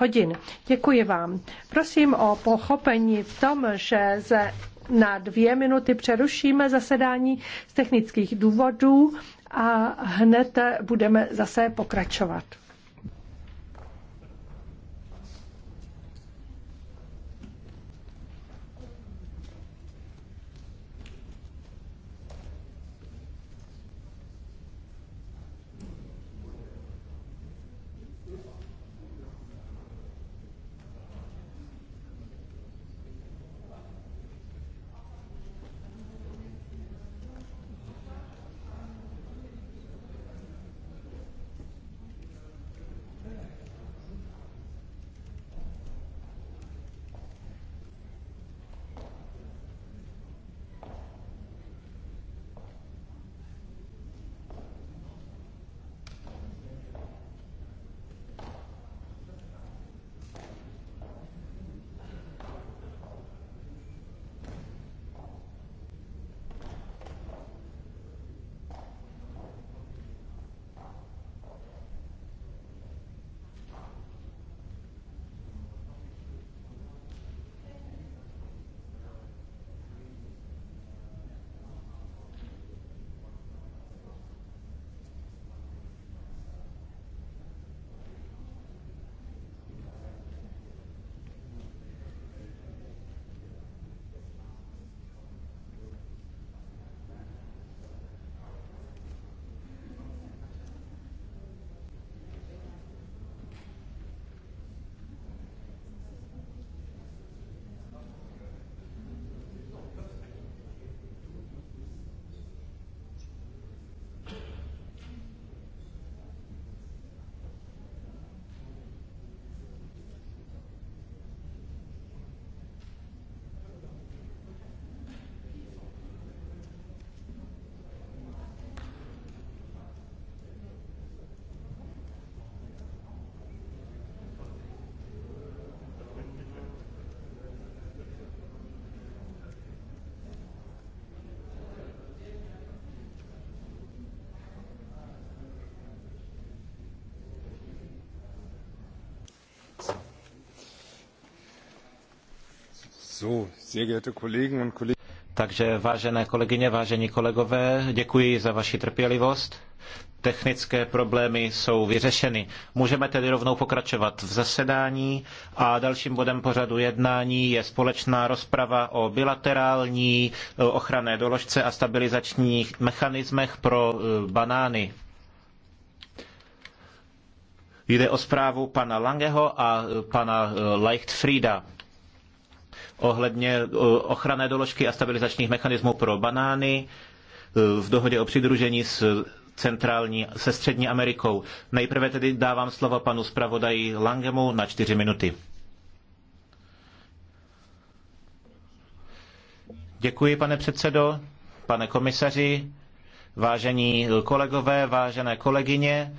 hodin. Děkuji vám. Prosím o pochopení v tom, že ze na dvě minuty přerušíme zasedání z technických důvodů a hned budeme zase pokračovat. Takže vážené kolegyně, vážení kolegové, děkuji za vaši trpělivost. Technické problémy jsou vyřešeny. Můžeme tedy rovnou pokračovat v zasedání a dalším bodem pořadu jednání je společná rozprava o bilaterální eh, ochranné doložce a stabilizačních mechanismech pro eh, banány. Jde o zprávu pana Langeho a eh, pana Leichtfrieda ohledně eh, ochranné doložky a stabilizačních mechanismů pro banány eh, v dohodě o přidružení s centrální, se Střední Amerikou. Nejprve tedy dávám slovo panu zpravodaji Langemu na čtyři minuty. Děkuji, pane předsedo, pane komisaři, vážení kolegové, vážené kolegyně.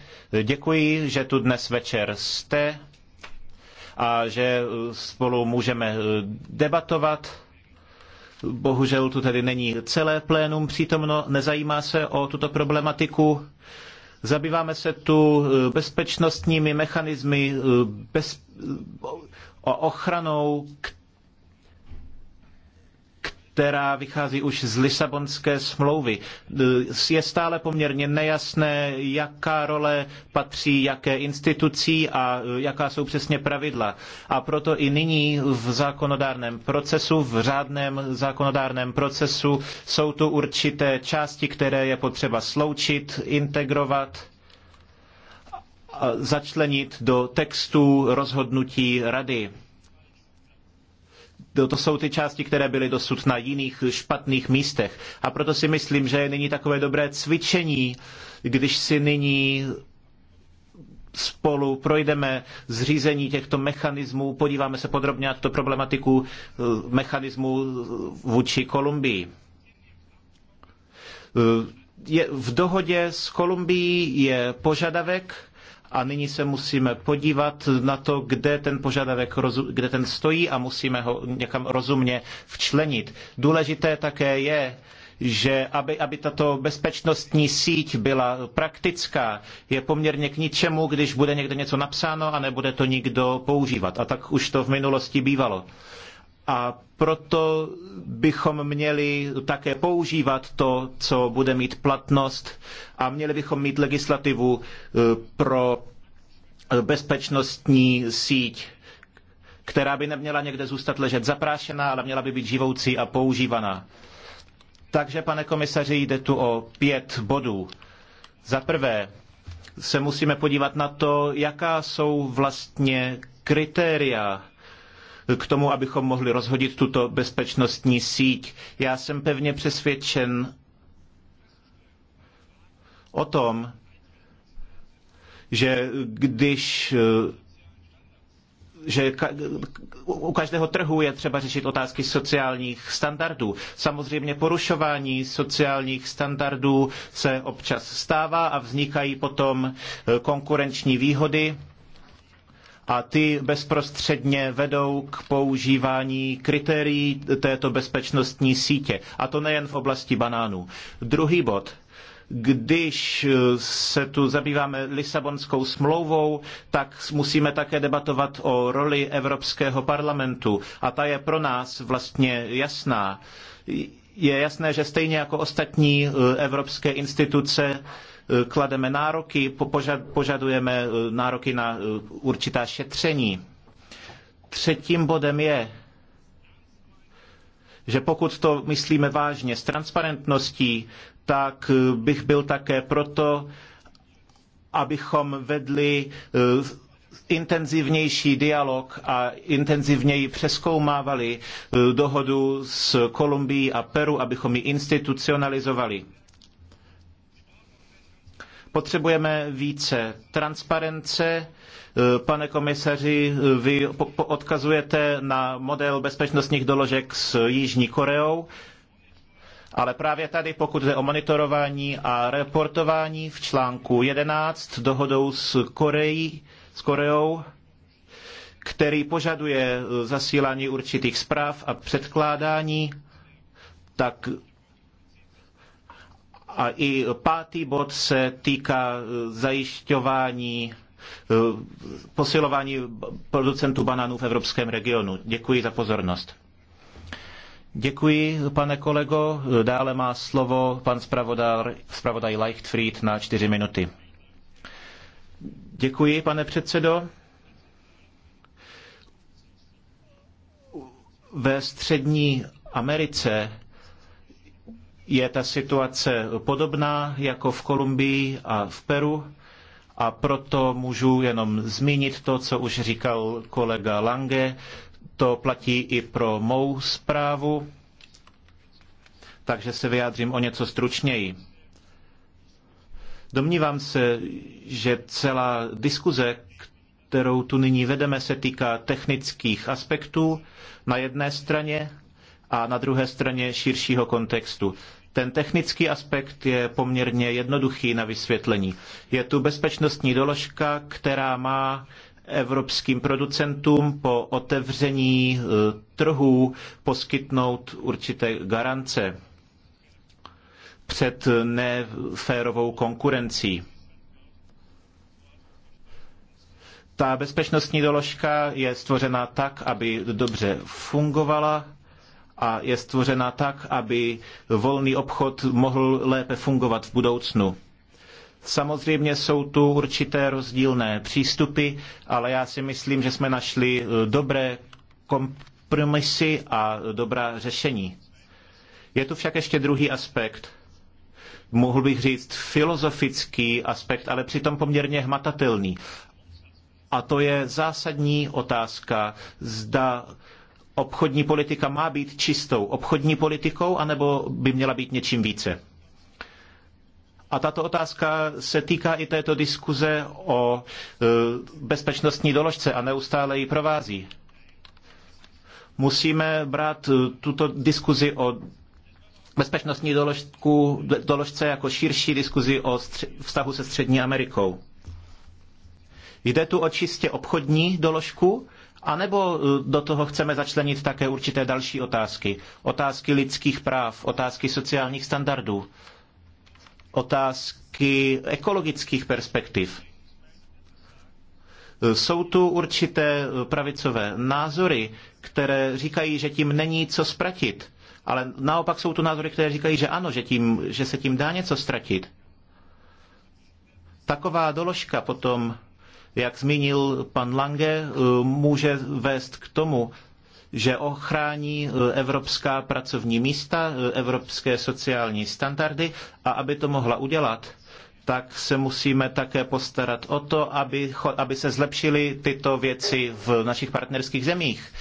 Děkuji, že tu dnes večer jste a že e, spolu můžeme e, debatovat. Bohužel tu tedy není celé plénum přítomno, nezajímá se o tuto problematiku. Zabýváme se tu e, bezpečnostními mechanismy, bez, o ochranou, která vychází už z Lisabonské smlouvy. Je stále poměrně nejasné, jaká role patří jaké institucí a jaká jsou přesně pravidla. A proto i nyní v zákonodárném procesu, v řádném zákonodárném procesu jsou tu určité části, které je potřeba sloučit, integrovat začlenit do textu rozhodnutí rady to jsou ty části, které byly dosud na jiných špatných místech. A proto si myslím, že je nyní takové dobré cvičení, když si nyní spolu projdeme zřízení těchto mechanismů, podíváme se podrobně na tuto problematiku eh, mechanismů vůči Kolumbii. Eh, je, v dohodě s Kolumbií je požadavek, a nyní se musíme podívat na to, kde ten požadavek, kde ten stojí a musíme ho někam rozumně včlenit. Důležité také je, že aby, aby tato bezpečnostní síť byla praktická, je poměrně k ničemu, když bude někde něco napsáno a nebude to nikdo používat. A tak už to v minulosti bývalo a proto bychom měli také používat to, co bude mít platnost a měli bychom mít legislativu eh, pro bezpečnostní síť, která by neměla někde zůstat ležet zaprášená, ale měla by být živoucí a používaná. Takže, pane komisaři, jde tu o pět bodů. Za prvé se musíme podívat na to, jaká jsou vlastně kritéria k tomu, abychom mohli rozhodit tuto bezpečnostní síť. Já jsem pevně přesvědčen o tom, že když že u každého trhu je třeba řešit otázky sociálních standardů. Samozřejmě porušování sociálních standardů se občas stává a vznikají potom konkurenční výhody a ty bezprostředně vedou k používání kritérií této bezpečnostní sítě. A to nejen v oblasti banánů. Druhý bod když se tu zabýváme Lisabonskou smlouvou, tak musíme také debatovat o roli Evropského parlamentu. A ta je pro nás vlastně jasná. Je jasné, že stejně jako ostatní eh, evropské instituce, Eh, klademe nároky, požadujeme eh, nároky na eh, určitá šetření. Třetím bodem je, že pokud to myslíme vážně s transparentností, tak bych byl také proto, abychom vedli intenzivnější dialog a intenzivněji přeskoumávali dohodu s Kolumbií a Peru, abychom ji institucionalizovali. Potřebujeme více transparence. Pane komisaři, vy odkazujete na model bezpečnostních doložek s Jižní Koreou. Ale právě tady, pokud jde o monitorování a reportování v článku 11 dohodou s, Koreí, s Koreou, který požaduje zasílání určitých zpráv a předkládání, tak a i pátý bod se týká e, zajišťování e, posilování producentů banánů v evropském regionu. Děkuji za pozornost. Děkuji, pane kolego. Dále má slovo pan zpravodaj, zpravodaj Leichtfried na čtyři minuty. Děkuji, pane předsedo. Ve střední Americe je ta situace podobná jako v Kolumbii a v Peru a proto můžu jenom zmínit to, co už říkal kolega Lange. To platí i pro mou zprávu, takže se vyjádřím o něco stručněji. Domnívám se, že celá diskuze, kterou tu nyní vedeme, se týká technických aspektů na jedné straně a na druhé straně širšího kontextu. Ten technický aspekt je poměrně jednoduchý na vysvětlení. Je tu bezpečnostní doložka, která má evropským producentům po otevření eh, trhů poskytnout určité garance před neférovou konkurencí. Ta bezpečnostní doložka je stvořena tak, aby dobře fungovala a je stvořena tak, aby volný obchod mohl lépe fungovat v budoucnu. Samozřejmě jsou tu určité rozdílné přístupy, ale já si myslím, že jsme našli eh, dobré kompromisy a dobrá řešení. Je tu však ještě druhý aspekt, mohl bych říct filozofický aspekt, ale přitom poměrně hmatatelný. A to je zásadní otázka, zda obchodní politika má být čistou obchodní politikou, anebo by měla být něčím více? A tato otázka se týká i této diskuze o e, bezpečnostní doložce a neustále ji provází. Musíme brát e, tuto diskuzi o bezpečnostní doložku, doložce jako širší diskuzi o vztahu se Střední Amerikou. Jde tu o čistě obchodní doložku, a nebo eh, do toho chceme začlenit také určité další otázky? Otázky lidských práv, otázky sociálních standardů, otázky ekologických perspektiv. Eh, jsou tu určité eh, pravicové názory, které říkají, že tím není co ztratit. Ale naopak jsou tu názory, které říkají, že ano, že, tím, že se tím dá něco ztratit. Taková doložka potom jak zmínil pan Lange, eh, může vést k tomu, že ochrání eh, evropská pracovní místa, eh, evropské sociální standardy a aby to mohla udělat, tak se musíme také postarat o to, aby, aby se zlepšily tyto věci v našich partnerských zemích.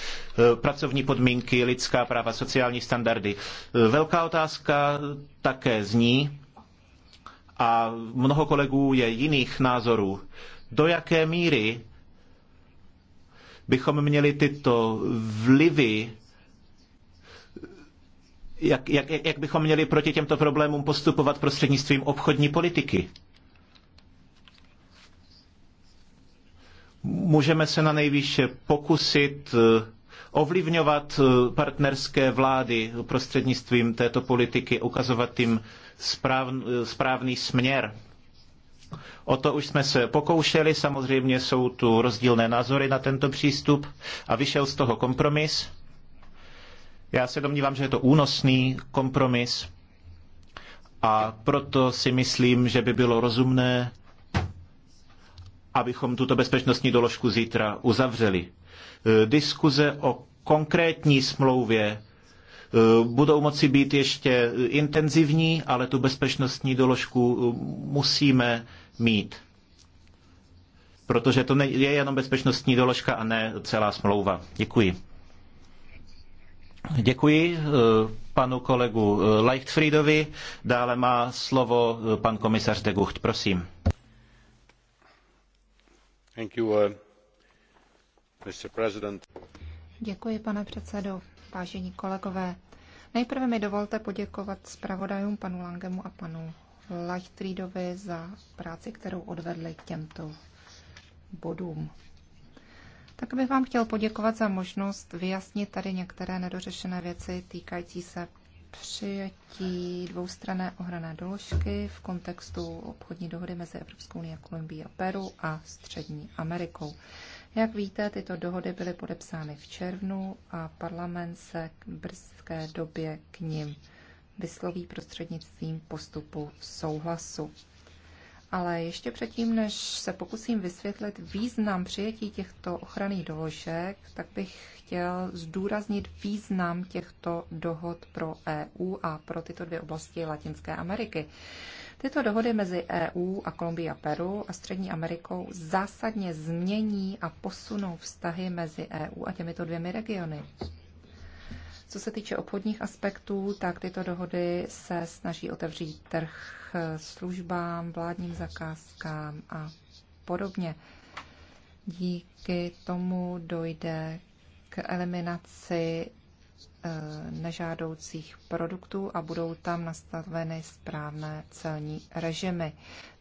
Pracovní podmínky, lidská práva, sociální standardy. Velká otázka také zní, a mnoho kolegů je jiných názorů, do jaké míry bychom měli tyto vlivy jak, jak, jak bychom měli proti těmto problémům postupovat prostřednictvím obchodní politiky. Můžeme se na nejvýše pokusit eh, ovlivňovat eh, partnerské vlády prostřednictvím této politiky, ukazovat jim eh, správný směr. O to už jsme se pokoušeli, samozřejmě jsou tu rozdílné názory na tento přístup a vyšel z toho kompromis. Já se domnívám, že je to únosný kompromis a proto si myslím, že by bylo rozumné, abychom tuto bezpečnostní doložku zítra uzavřeli. E, diskuze o konkrétní smlouvě e, budou moci být ještě intenzivní, ale tu bezpečnostní doložku e, musíme mít. Protože to je jenom bezpečnostní doložka a ne celá smlouva. Děkuji. Děkuji eh, panu kolegu eh, Leichtfriedovi. Dále má slovo eh, pan komisař de Gucht. Prosím. Thank you, uh, Mr. President. Děkuji, pane předsedo, vážení kolegové. Nejprve mi dovolte poděkovat zpravodajům panu Langemu a panu Lightreadovi za práci, kterou odvedli k těmto bodům. Tak bych vám chtěl poděkovat za možnost vyjasnit tady některé nedořešené věci týkající se přijetí dvoustrané ohrané doložky v kontextu obchodní dohody mezi Evropskou unii a Kolumbií a Peru a Střední Amerikou. Jak víte, tyto dohody byly podepsány v červnu a parlament se k brzké době k nim vysloví prostřednictvím postupu souhlasu. Ale ještě předtím, než se pokusím vysvětlit význam přijetí těchto ochranných doložek, tak bych chtěl zdůraznit význam těchto dohod pro EU a pro tyto dvě oblasti Latinské Ameriky. Tyto dohody mezi EU a Kolumbií a Peru a Střední Amerikou zásadně změní a posunou vztahy mezi EU a těmito dvěmi regiony. Co se týče obchodních aspektů, tak tyto dohody se snaží otevřít trh službám, vládním zakázkám a podobně. Díky tomu dojde k eliminaci Eh, nežádoucích produktů a budou tam nastaveny správné celní režimy.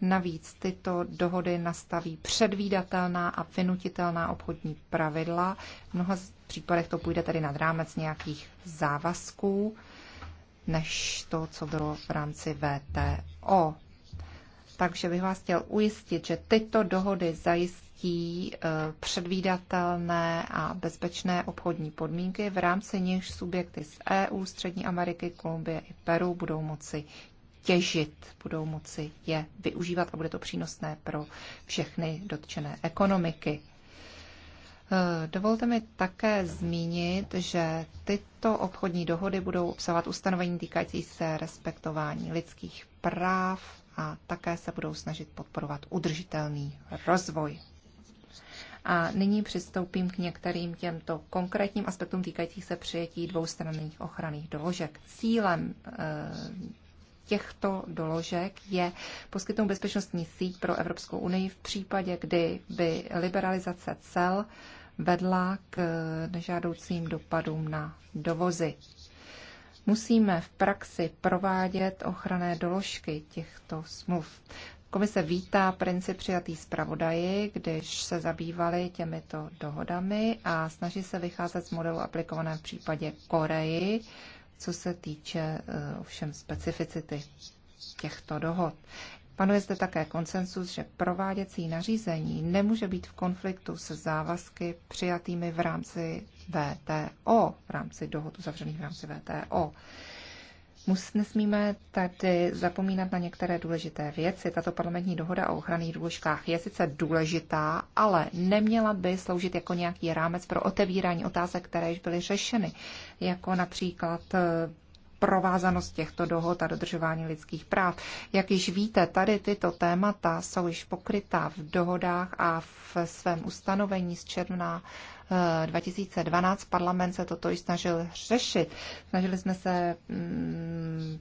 Navíc tyto dohody nastaví předvídatelná a vynutitelná obchodní pravidla. V mnoha případech to půjde tedy nad rámec nějakých závazků, než to, co bylo v rámci VTO. Takže bych vás chtěl ujistit, že tyto dohody zajistí zajistí eh, předvídatelné a bezpečné obchodní podmínky, v rámci nichž subjekty z EU, Střední Ameriky, Kolumbie i Peru budou moci těžit, budou moci je využívat a bude to přínosné pro všechny dotčené ekonomiky. Eh, dovolte mi také zmínit, že tyto obchodní dohody budou obsahovat ustanovení týkající se respektování lidských práv a také se budou snažit podporovat udržitelný rozvoj. A nyní přistoupím k některým těmto konkrétním aspektům týkajících se přijetí dvoustranných ochranných doložek. Cílem eh, těchto doložek je poskytnout bezpečnostní síť pro Evropskou unii v případě, kdy by liberalizace cel vedla k eh, nežádoucím dopadům na dovozy. Musíme v praxi provádět ochranné doložky těchto smluv. Komise vítá princip přijatý zpravodaji, když se zabývali těmito dohodami a snaží se vycházet z modelu aplikované v případě Koreji, co se týče eh, ovšem specificity těchto dohod. Panuje zde také konsensus, že prováděcí nařízení nemůže být v konfliktu se závazky přijatými v rámci VTO, v rámci dohod uzavřených v rámci VTO. Mus, nesmíme tady zapomínat na některé důležité věci. Tato parlamentní dohoda o ochranných důležkách je sice důležitá, ale neměla by sloužit jako nějaký rámec pro otevírání otázek, které již byly řešeny, jako například eh, provázanost těchto dohod a dodržování lidských práv. Jak již víte, tady tyto témata jsou již pokrytá v dohodách a v svém ustanovení z června 2012 eh, parlament se toto i snažil řešit. Snažili jsme se mm,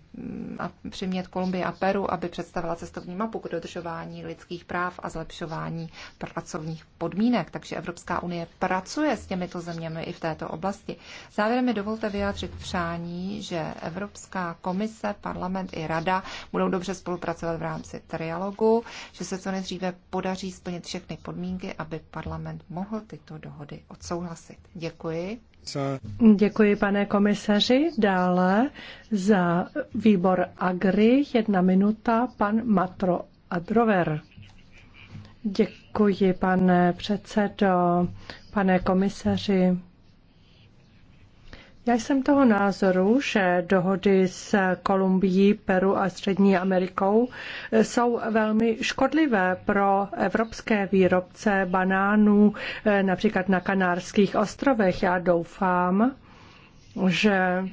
a přimět Kolumbii a Peru, aby představila cestovní mapu k dodržování lidských práv a zlepšování pracovních podmínek. Takže Evropská unie pracuje s těmito zeměmi i v této oblasti. Závěrem mi dovolte vyjádřit přání, že Evropská komise, parlament i rada budou dobře spolupracovat v rámci trialogu, že se co nejdříve podaří splnit všechny podmínky, aby parlament mohl tyto dohody odsouhlasit. Děkuji. Děkuji, pane komisaři. Dále za výbor Agri jedna minuta, pan Matro Adrover. Děkuji, pane předsedo, pane komisaři. Já jsem toho názoru, že dohody s Kolumbií, Peru a Střední Amerikou eh, jsou velmi škodlivé pro evropské výrobce banánů, eh, například na Kanárských ostrovech. Já doufám, že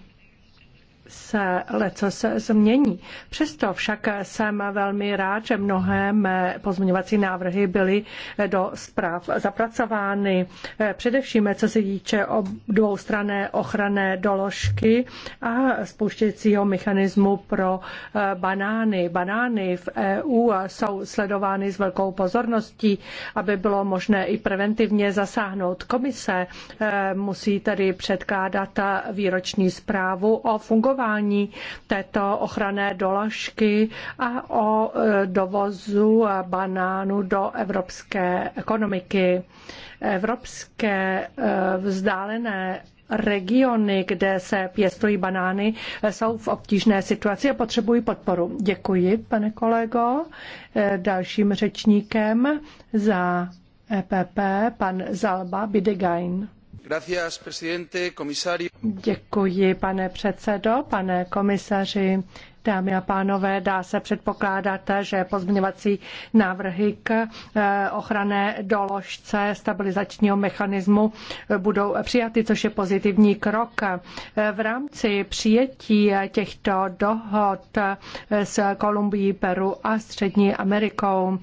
se leco se změní. Přesto však jsem velmi rád, že mnohé mé pozměňovací návrhy byly do zpráv zapracovány. Především, co se týče o dvoustrané ochranné doložky a spouštěcího mechanismu pro eh, banány. Banány v EU jsou sledovány s velkou pozorností, aby bylo možné i preventivně zasáhnout. Komise eh, musí tedy předkládat eh, výroční zprávu o fungování fungování této ochranné doložky a o e, dovozu banánu do evropské ekonomiky. Evropské e, vzdálené regiony, kde se pěstují banány, e, jsou v obtížné situaci a potřebují podporu. Děkuji, pane kolego. Dalším řečníkem za EPP, pan Zalba Bidegain. Děkuji, pane předsedo, pane komisaři. Dámy a pánové, dá se předpokládat, že pozměňovací návrhy k eh, ochranné doložce stabilizačního mechanismu eh, budou přijaty, což je pozitivní krok. Eh, v rámci přijetí těchto dohod s Kolumbií, Peru a Střední Amerikou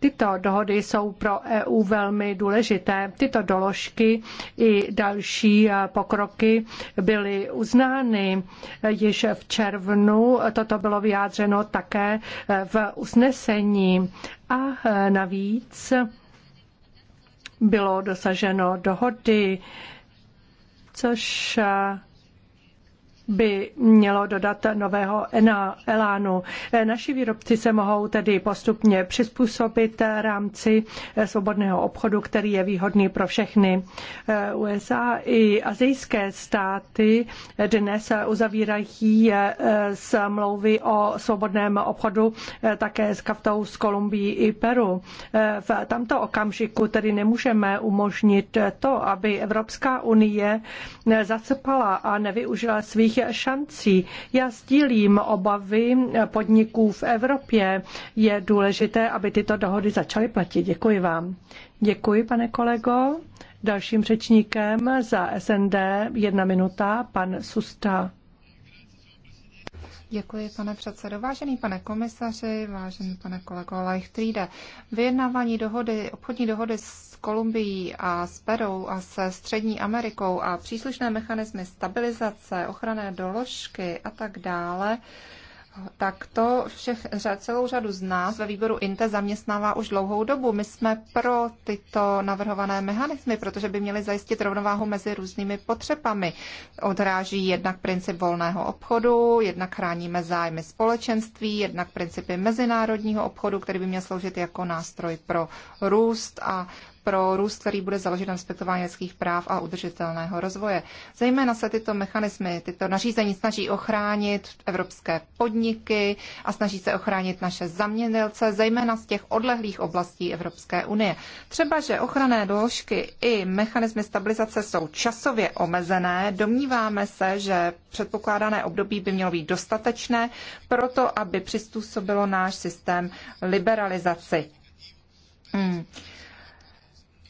tyto dohody jsou pro EU velmi důležité. Tyto doložky i další pokroky byly uznány již v červnu Toto bylo vyjádřeno také v usnesení. A e, navíc bylo dosaženo dohody, což e, by mělo dodat nového elánu. Naši výrobci se mohou tedy postupně přizpůsobit rámci svobodného obchodu, který je výhodný pro všechny. USA i azijské státy dnes uzavírají smlouvy o svobodném obchodu také s kaftou z Kolumbii i Peru. V tamto okamžiku tedy nemůžeme umožnit to, aby Evropská unie zacpala a nevyužila svých rovných šancí. Já sdílím obavy podniků v Evropě. Je důležité, aby tyto dohody začaly platit. Děkuji vám. Děkuji, pane kolego. Dalším řečníkem za SND jedna minuta, pan Susta. Děkuji, pane předsedo. Vážený pane komisaři, vážený pane kolego Leichtríde, vyjednávání dohody, obchodní dohody s Kolumbií a s Perou a se Střední Amerikou a příslušné mechanismy stabilizace, ochranné doložky a tak dále, tak to všech, celou řadu z nás ve výboru INTE zaměstnává už dlouhou dobu. My jsme pro tyto navrhované mechanismy, protože by měly zajistit rovnováhu mezi různými potřebami. Odráží jednak princip volného obchodu, jednak chráníme zájmy společenství, jednak principy mezinárodního obchodu, který by měl sloužit jako nástroj pro růst a pro růst, který bude založen na respektování lidských práv a udržitelného rozvoje. Zejména se tyto mechanismy, tyto nařízení snaží ochránit evropské podniky a snaží se ochránit naše zaměnilce, zejména z těch odlehlých oblastí Evropské unie. Třeba, že ochranné doložky i mechanismy stabilizace jsou časově omezené, domníváme se, že předpokládané období by mělo být dostatečné proto, aby přizpůsobilo náš systém liberalizaci. Hmm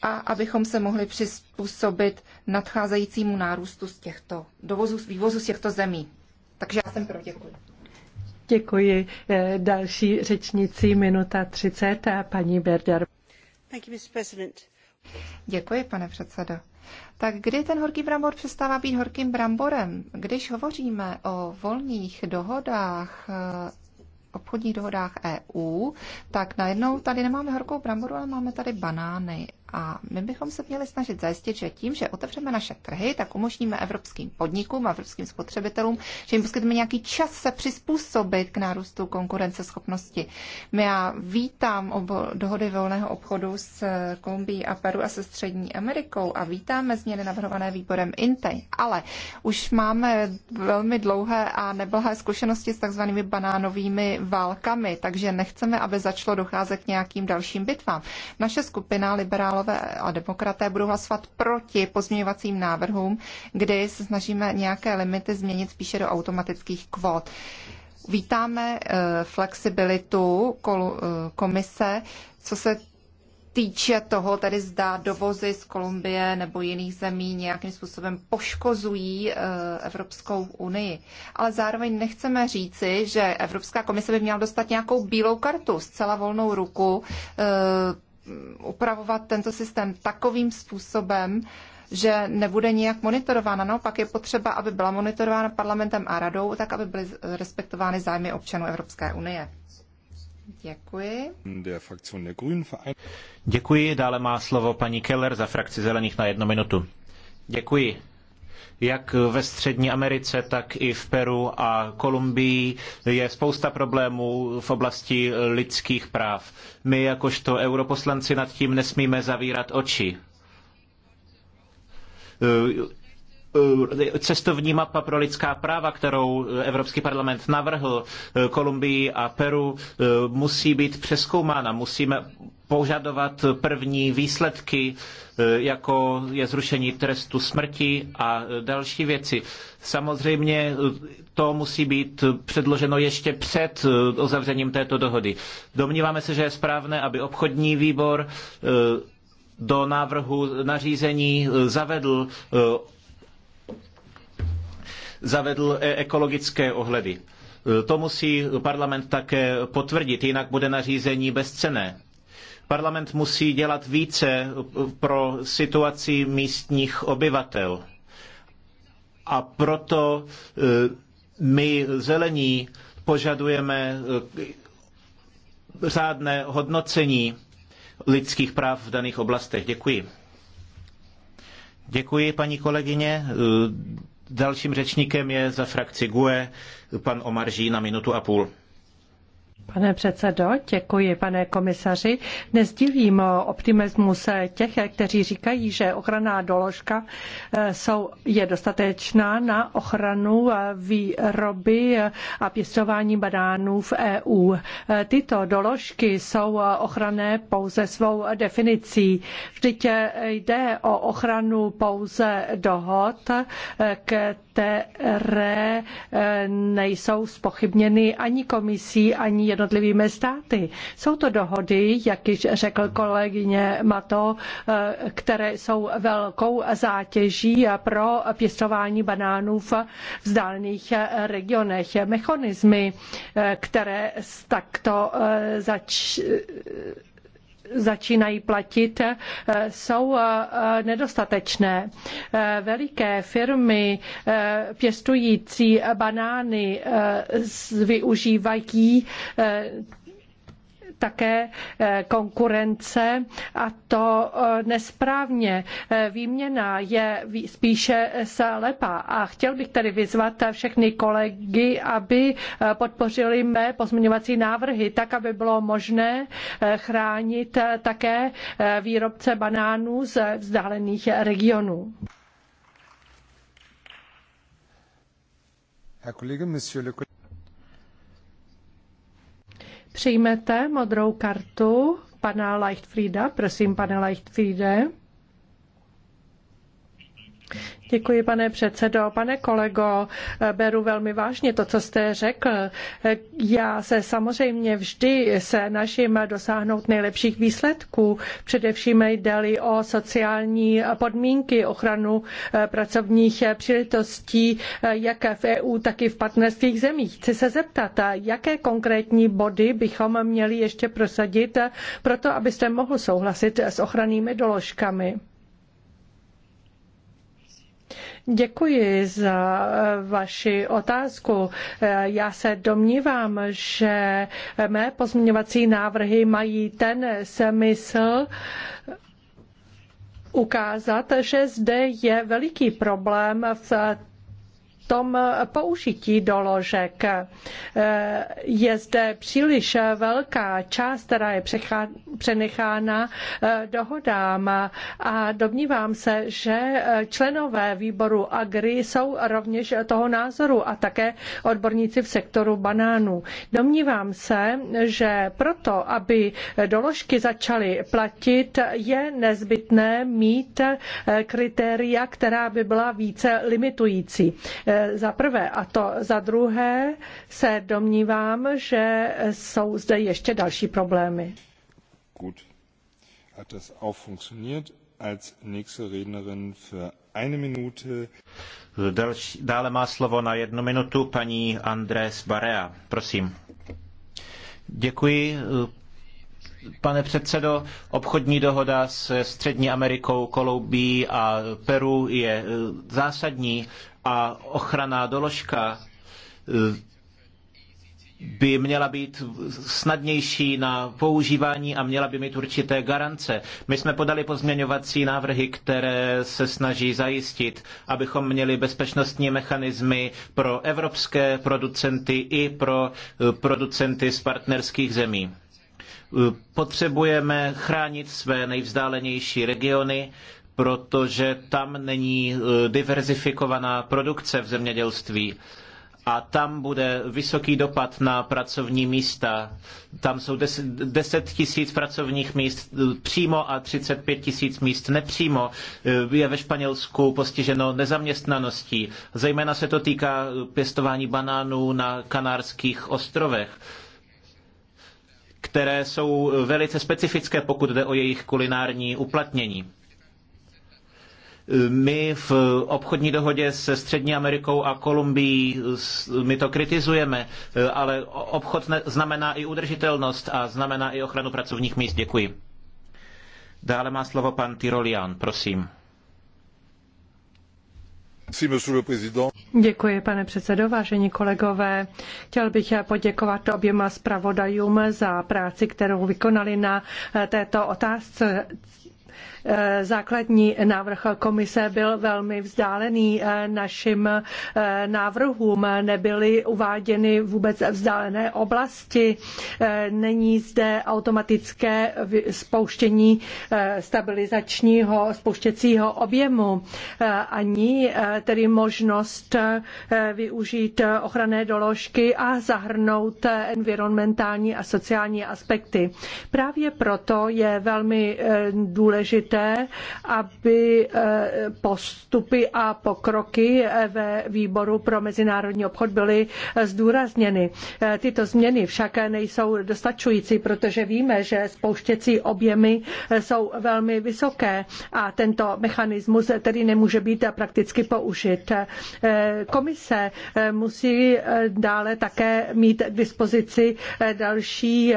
a abychom se mohli přizpůsobit nadcházejícímu nárůstu z těchto dovozů, z vývozu z těchto zemí. Takže já jsem pro, děkuji. Děkuji. Eh, další řečnici, minuta 30 a eh, paní Berdar. Thank you, Mr. President. Děkuji, pane předsedo. Tak kdy ten horký brambor přestává být horkým bramborem? Když hovoříme o volných dohodách, eh, obchodních dohodách EU, tak najednou tady nemáme horkou bramboru, ale máme tady banány. A my bychom se měli snažit zajistit, že tím, že otevřeme naše trhy, tak umožníme evropským podnikům, evropským spotřebitelům, že jim poskytneme nějaký čas se přizpůsobit k nárůstu konkurenceschopnosti. My já vítám obo dohody volného obchodu s Kolumbií a Peru a se Střední Amerikou a vítáme změny navrhované výborem INTEJ, ale už máme velmi dlouhé a neblahé zkušenosti s takzvanými banánovými válkami, takže nechceme, aby začalo docházet k nějakým dalším bitvám. Naše skupina liberálů liberálové a demokraté budou hlasovat proti pozměňovacím návrhům, kdy se snažíme nějaké limity změnit spíše do automatických kvót. Vítáme eh, flexibilitu eh, komise, co se týče toho, tedy zda dovozy z Kolumbie nebo jiných zemí nějakým způsobem poškozují eh, Evropskou unii. Ale zároveň nechceme říci, že Evropská komise by měla dostat nějakou bílou kartu, zcela volnou ruku upravovat tento systém takovým způsobem, že nebude nijak monitorována. Naopak je potřeba, aby byla monitorována parlamentem a radou, tak aby byly respektovány zájmy občanů Evropské unie. Děkuji. Děkuji. Dále má slovo paní Keller za frakci Zelených na jednu minutu. Děkuji jak ve Střední Americe, tak i v Peru a Kolumbii je spousta problémů v oblasti lidských práv. My jakožto europoslanci nad tím nesmíme zavírat oči. Cestovní mapa pro lidská práva, kterou Evropský parlament navrhl Kolumbii a Peru, musí být přeskoumána. Musíme požadovat první výsledky, e, jako je zrušení trestu smrti a e, další věci. Samozřejmě e, to musí být předloženo ještě před uzavřením této dohody. Domníváme se, že je správné, aby obchodní výbor do návrhu nařízení zavedl zavedl ekologické ohledy. To musí parlament také potvrdit, jinak bude nařízení bezcené. Parlament musí dělat více pro situaci místních obyvatel. A proto eh, my zelení požadujeme eh, řádné hodnocení lidských práv v daných oblastech. Děkuji. Děkuji, paní kolegyně. Eh, dalším řečníkem je za frakci GUE pan Omarží na minutu a půl. Pane předsedo, děkuji, pane komisaři. Nezdílím optimismus těch, kteří říkají, že ochranná doložka eh, jsou, je dostatečná na ochranu eh, výroby eh, a pěstování banánů v EU. Tyto doložky jsou ochranné pouze svou definicí. Vždyť jde o ochranu pouze dohod, které které eh, nejsou spochybněny ani komisí, ani jednotlivými státy. Jsou to dohody, jak již řekl kolegyně Mato, eh, které jsou velkou zátěží pro pěstování banánů v vzdálených eh, regionech. Mechanismy, které takto zač- začínají platit, eh, jsou eh, eh, nedostatečné. Veliké firmy pěstující banány využívají také eh, konkurence a to eh, nesprávně. Eh, výměna je spíše slepá a chtěl bych tedy vyzvat všechny kolegy, aby podpořili mé pozměňovací návrhy, tak aby bylo možné chránit také výrobce banánů z vzdálených regionů. Herr Kollege, Monsieur le Přijmete modrou kartu pana Leichtfrieda. Prosím, pane Leichtfriede. Děkuji, pane předsedo. Pane kolego, beru velmi vážně to, co jste řekl. Já se samozřejmě vždy se naším dosáhnout nejlepších výsledků. Především jde-li o sociální podmínky, ochranu eh, pracovních eh, příležitostí, eh, jak v EU, tak i v partnerských zemích. Chci se zeptat, jaké konkrétní body bychom měli ještě prosadit, proto abyste mohl souhlasit s ochrannými doložkami. Děkuji za eh, vaši otázku. Eh, já se domnívám, že mé pozměňovací návrhy mají ten smysl, ukázat, že zde je veliký problém v tom použití doložek. Je zde příliš velká část, která je přenechána eh, dohodám a domnívám se, že členové výboru Agri jsou rovněž toho názoru a také odborníci v sektoru banánů. Domnívám se, že proto, aby doložky začaly platit, je nezbytné mít eh, kritéria, která by byla více limitující. Eh, za prvé a to za druhé se domnívám, že jsou zde ještě další problémy. Gut. Hat das auch funktioniert? Als nächste Rednerin für eine Minute. Další, dále má slovo na jednu minutu paní Andrés Barea. Prosím. Děkuji, Pane předsedo, obchodní dohoda s Střední Amerikou, Kolumbií a Peru je zásadní a ochranná doložka eh, by měla být snadnější na používání a měla by mít určité garance. My jsme podali pozměňovací návrhy, které se snaží zajistit, abychom měli bezpečnostní mechanismy pro evropské producenty i pro eh, producenty z partnerských zemí. Eh, potřebujeme chránit své nejvzdálenější regiony, protože tam není eh, diverzifikovaná produkce v zemědělství a tam bude vysoký dopad na pracovní místa. Tam jsou 10 tisíc pracovních míst eh, přímo a 35 tisíc míst nepřímo. Eh, je ve Španělsku postiženo nezaměstnaností. Zejména se to týká pěstování banánů na kanárských ostrovech které jsou velice specifické, pokud jde o jejich kulinární uplatnění. My v obchodní dohodě se Střední Amerikou a Kolumbií, my to kritizujeme, ale obchod znamená i udržitelnost a znamená i ochranu pracovních míst. Děkuji. Dále má slovo pan Tyrolian, prosím. Děkuji, pane předsedo, vážení kolegové. Chtěl bych poděkovat oběma zpravodajům za práci, kterou vykonali na této otázce Eh, základní návrh komise byl velmi vzdálený eh, našim eh, návrhům. Nebyly uváděny vůbec vzdálené oblasti. Není zde automatické spouštění stabilizačního spouštěcího objemu ani tedy možnost využít ochranné doložky a zahrnout environmentální a sociální aspekty. Právě proto je velmi důležité, důležité, aby eh, postupy a pokroky eh, ve výboru pro mezinárodní obchod byly eh, zdůrazněny. Tyto změny však nejsou dostačující, protože víme, že spouštěcí objemy jsou velmi vysoké a tento mechanismus tedy nemůže být prakticky použit. Komise musí dále také mít k dispozici další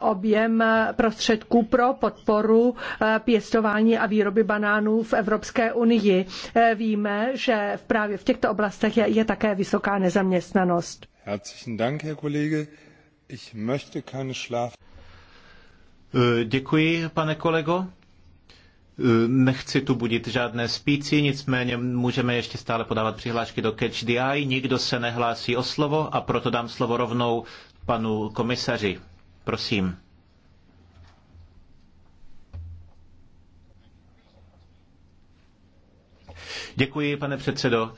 objem prostředků pro podporu pěstování a výroby banánů v Evropské unii. Eh, víme, že právě v těchto oblastech je, je také vysoká nezaměstnanost. Herzlichen Dank, Herr Kollege. Ich möchte keine Schlaf. Eh, děkuji, pane kolego. Eh, nechci tu budit žádné spící, nicméně můžeme ještě stále podávat přihlášky do Catch the Eye. Nikdo se nehlásí o slovo a proto dám slovo rovnou panu komisaři. Prosím. Děkuji, pane předsedo.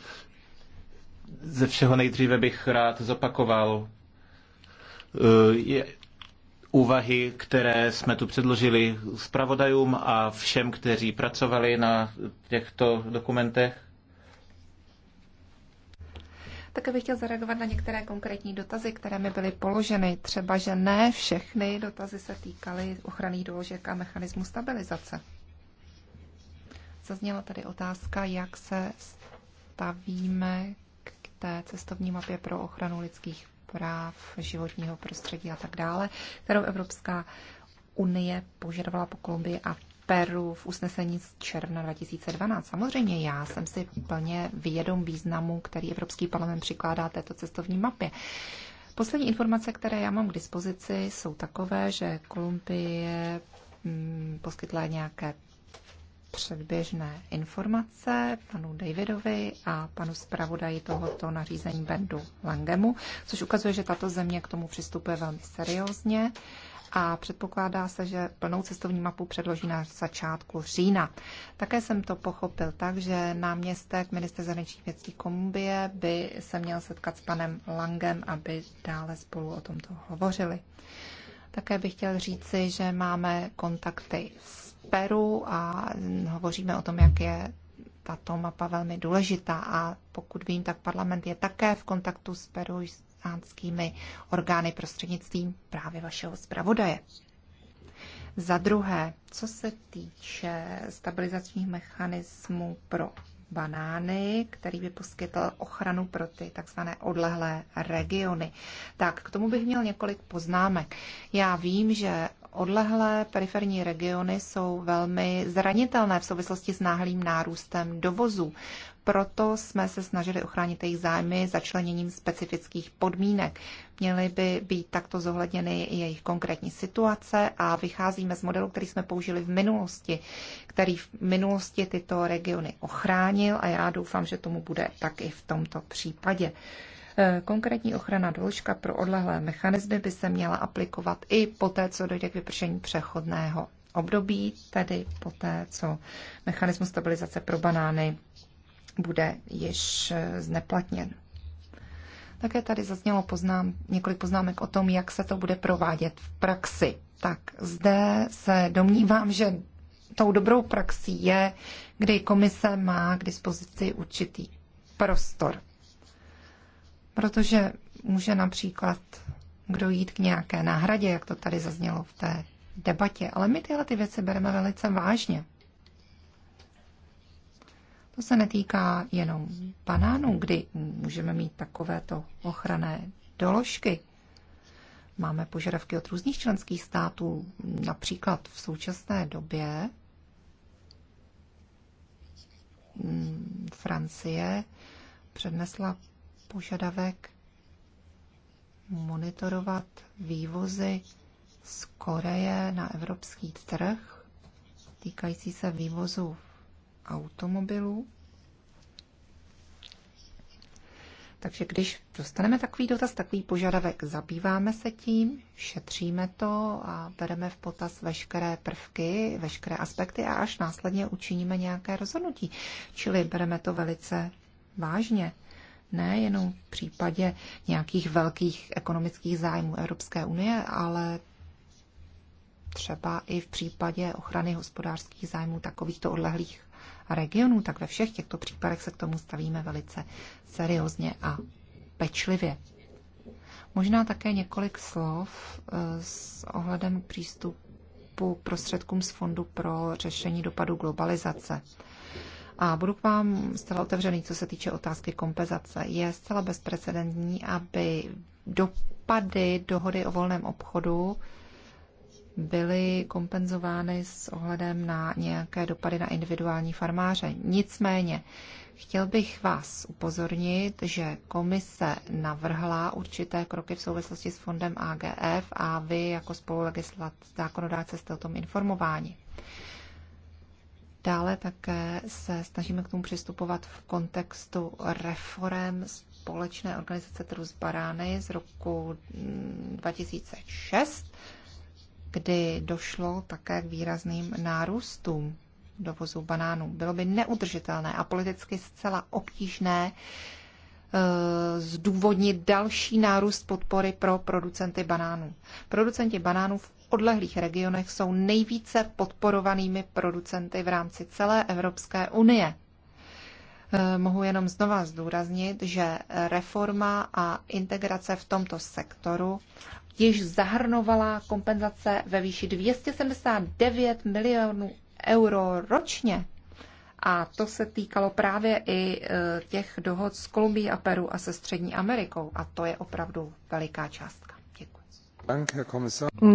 Ze všeho nejdříve bych rád zopakoval eh, úvahy, které jsme tu předložili zpravodajům a všem, kteří pracovali na těchto dokumentech. Také bych chtěl zareagovat na některé konkrétní dotazy, které mi byly položeny. Třeba, že ne všechny dotazy se týkaly ochranných doložek a mechanismu stabilizace. Zazněla tady otázka, jak se stavíme k té cestovní mapě pro ochranu lidských práv, životního prostředí a tak dále, kterou Evropská unie požadovala po Kolumbii a Peru v usnesení z června 2012. Samozřejmě já jsem si plně vědom významu, který Evropský parlament přikládá této cestovní mapě. Poslední informace, které já mám k dispozici, jsou takové, že Kolumbie mm, poskytla nějaké předběžné informace panu Davidovi a panu zpravodaji tohoto nařízení Bendu Langemu, což ukazuje, že tato země k tomu přistupuje velmi seriózně a předpokládá se, že plnou cestovní mapu předloží na začátku října. Také jsem to pochopil tak, že náměstek minister zahraničních věcí Kolumbie by se měl setkat s panem Langem, aby dále spolu o tomto hovořili. Také bych chtěl říci, že máme kontakty s Peru a hovoříme o tom, jak je tato mapa velmi důležitá a pokud vím, tak parlament je také v kontaktu s peruánskými orgány prostřednictvím právě vašeho zpravodaje. Za druhé, co se týče stabilizačních mechanismů pro banány, který by poskytl ochranu pro ty takzvané odlehlé regiony. Tak k tomu bych měl několik poznámek. Já vím, že odlehlé periferní regiony jsou velmi zranitelné v souvislosti s náhlým nárůstem dovozů. Proto jsme se snažili ochránit jejich zájmy začleněním specifických podmínek. Měly by být takto zohledněny i jejich konkrétní situace a vycházíme z modelu, který jsme použili v minulosti, který v minulosti tyto regiony ochránil a já doufám, že tomu bude tak i v tomto případě. Eh, konkrétní ochrana doložka pro odlehlé mechanismy by se měla aplikovat i poté, co dojde k vypršení přechodného období, tedy poté, co mechanismus stabilizace pro banány bude již eh, zneplatněn. Také tady zaznělo poznám, několik poznámek o tom, jak se to bude provádět v praxi. Tak zde se domnívám, že tou dobrou praxí je, kdy komise má k dispozici určitý prostor protože může například dojít k nějaké náhradě, jak to tady zaznělo v té debatě. Ale my tyhle ty věci bereme velice vážně. To se netýká jenom banánů, kdy můžeme mít takovéto ochranné doložky. Máme požadavky od různých členských států, například v současné době mm, Francie přednesla požadavek monitorovat vývozy z Koreje na evropský trh týkající se vývozu automobilů. Takže když dostaneme takový dotaz, takový požadavek, zabýváme se tím, šetříme to a bereme v potaz veškeré prvky, veškeré aspekty a až následně učiníme nějaké rozhodnutí. Čili bereme to velice vážně jenom v případě nějakých velkých ekonomických zájmů Evropské unie, ale třeba i v případě ochrany hospodářských zájmů takovýchto odlehlých regionů, tak ve všech těchto případech se k tomu stavíme velice seriózně a pečlivě. Možná také několik slov eh, s ohledem k přístupu prostředkům z Fondu pro řešení dopadu globalizace. A budu k vám zcela otevřený, co se týče otázky kompenzace. Je zcela bezprecedentní, aby dopady dohody o volném obchodu byly kompenzovány s ohledem na nějaké dopady na individuální farmáře. Nicméně, chtěl bych vás upozornit, že komise navrhla určité kroky v souvislosti s fondem AGF a vy jako spolulegislat zákonodáce jste o tom informováni. Dále také se snažíme k tomu přistupovat v kontextu reform společné organizace trhu z Barány z roku 2006, mm, kdy došlo také k výrazným nárůstům dovozu banánů. Bylo by neudržitelné a politicky zcela obtížné eh, zdůvodnit další nárůst podpory pro producenty banánů. Producenti banánů v odlehlých regionech jsou nejvíce podporovanými producenty v rámci celé Evropské unie. E, mohu jenom znova zdůraznit, že reforma a integrace v tomto sektoru již zahrnovala kompenzace ve výši 279 milionů euro ročně. A to se týkalo právě i e, těch dohod s Kolumbií a Peru a se Střední Amerikou. A to je opravdu veliká částka.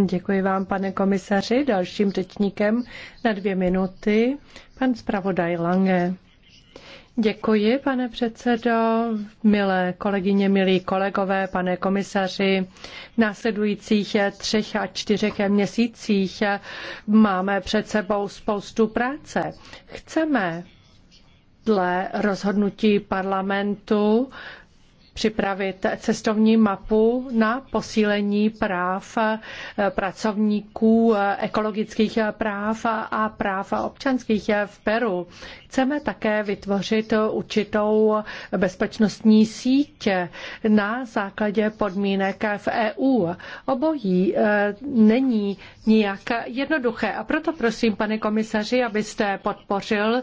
Děkuji vám, pane komisaři. Dalším řečníkem na dvě minuty pan zpravodaj Lange. Děkuji, pane předsedo, milé kolegyně, milí kolegové, pane komisaři. V následujících třech a čtyřech měsících máme před sebou spoustu práce. Chceme dle rozhodnutí parlamentu připravit cestovní mapu na posílení práv eh, pracovníků, eh, ekologických práv a práv občanských eh, v Peru. Chceme také vytvořit určitou bezpečnostní síť na základě podmínek v EU. Obojí není nijak jednoduché a proto prosím, pane komisaři, abyste podpořil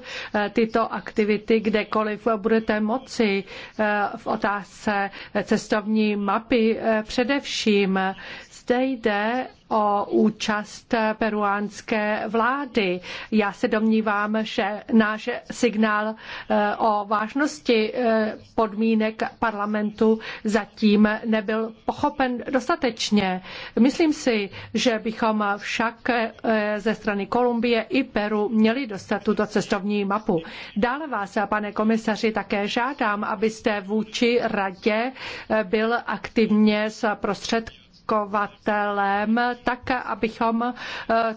tyto aktivity kdekoliv budete moci v otázce se cestovní mapy eh, především zde jde o účast peruánské vlády. Já se domnívám, že náš signál eh, o vážnosti eh, podmínek parlamentu zatím nebyl pochopen dostatečně. Myslím si, že bychom však eh, ze strany Kolumbie i Peru měli dostat tuto cestovní mapu. Dále vás, pane komisaři, také žádám, abyste vůči radě byl aktivně zprostředkován zprostředkovatelem, tak abychom e,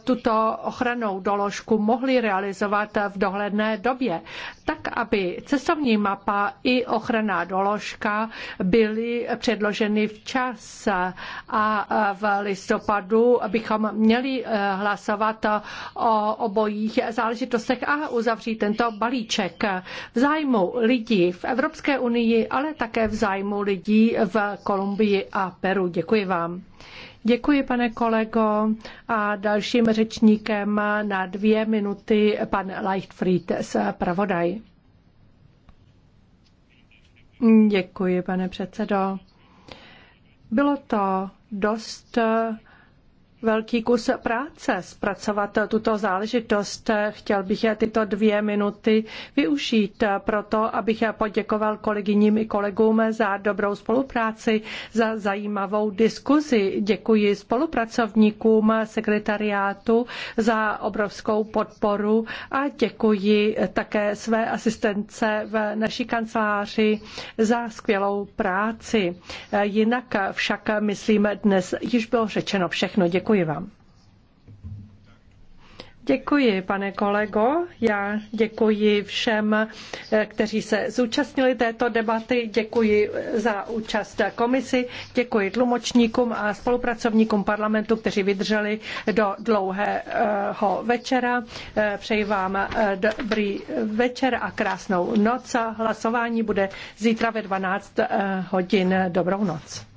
tuto ochranou doložku mohli realizovat v dohledné době, tak aby cestovní mapa i ochranná doložka byly předloženy včas a e, v listopadu bychom měli e, hlasovat o obojích záležitostech a uzavřít tento balíček v zájmu lidí v Evropské unii, ale také v zájmu lidí v Kolumbii a Peru. Děkuji vám. Děkuji, pane kolego. A dalším řečníkem na dvě minuty pan Leichtfried z Pravodaj. Děkuji, pane předsedo. Bylo to dost velký kus práce zpracovat tuto záležitost. Chtěl bych tyto dvě minuty využít proto, abych poděkoval kolegyním i kolegům za dobrou spolupráci, za zajímavou diskuzi. Děkuji spolupracovníkům sekretariátu za obrovskou podporu a děkuji také své asistence v naší kanceláři za skvělou práci. Jinak však, myslím, dnes již bylo řečeno všechno. Děkuji. Děkuji vám. Děkuji, pane kolego. Já děkuji všem, eh, kteří se zúčastnili této debaty. Děkuji eh, za účast komisi, děkuji tlumočníkům a spolupracovníkům parlamentu, kteří vydrželi do dlouhého večera. Eh, přeji vám dobrý večer a krásnou noc. Hlasování bude zítra ve 12 hodin. Dobrou noc.